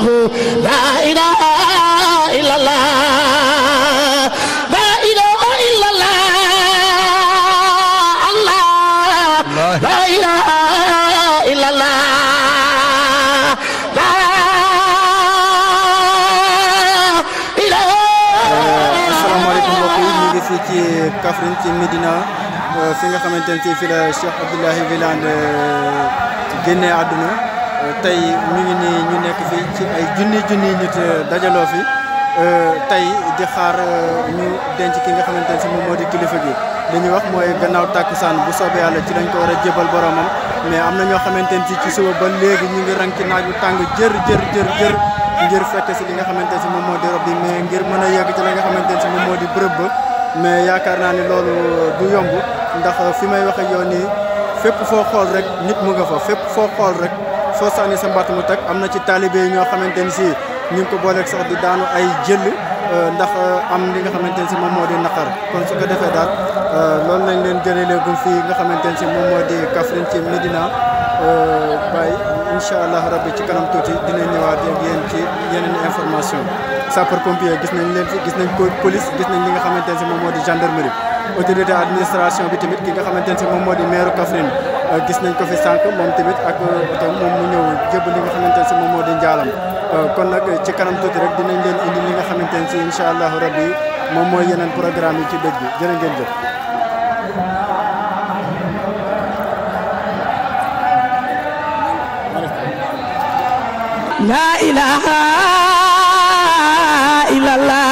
الله لا إله إلا الله لا إله إلا الله الله لا إله إلا الله لا إله السلام عليكم ورحمة الله وبركاته كافرين في مدينة آه، في nga في الشيخ عبد الله Abdoulaye Wilane آه، génne àdduna tey ñu ngi nii ñu nekk fii ci ay junni junni nit euh, dajaloo fi euh, tey di xaar euh, ñu denc ki nga xamante ne si moom moo di kilifa gi li wax mooy gannaaw tàkkusaan bu soobee yàlla ci lañ ko war a jébal mais am na ñoo xamante ne si ci suba ba léegi ñu ngi rang ci naaj tàng jër jër jër jër ngir fekk si li nga xamante ne moom moo di bi mais ngir mën a yegg ci li nga xamante ne si moom moo di bërëb ba mais yaakaar naa ni loolu du yomb ndax fi may wax ak yow nii fépp foo xool rek nit mu nga fa fépp foo xool rek foo sànni sa mbatt mu teg am na ci taalibe yi ñoo xamante ni si ñu ngi ko booleeg sax di daanu ay jël euh, ndax euh, am li nga xamante ni si moom moo di naqar kon su defee daal euh, loolu lañ leen jëlee léegum fii nga xamante ni si moom moo di Kaffrine ci Médina Baye incha allah rabbi ci kanam tuuti dina ñëwaat ak yéen ci yeneen information sapeur pompier gis nañ leen fi gis nañ police gis nañ li nga xamante moom moo di gendarmerie autorité administration bi tamit ki nga xamante ni si moom moo di maire Kaffrine Euh, gis nañ ko fi sànq moom tamit ak itam euh, moom mu ñëw jëb li nga xamante ne si moom moo di njaalam euh, kon nag ci kanam tuuti rek dinañ leen indi li nga xamante ne si incha allahu rabbi moom mooy yeneen programme yi ci dëj bi jërë ngeen jëf La ilaha illallah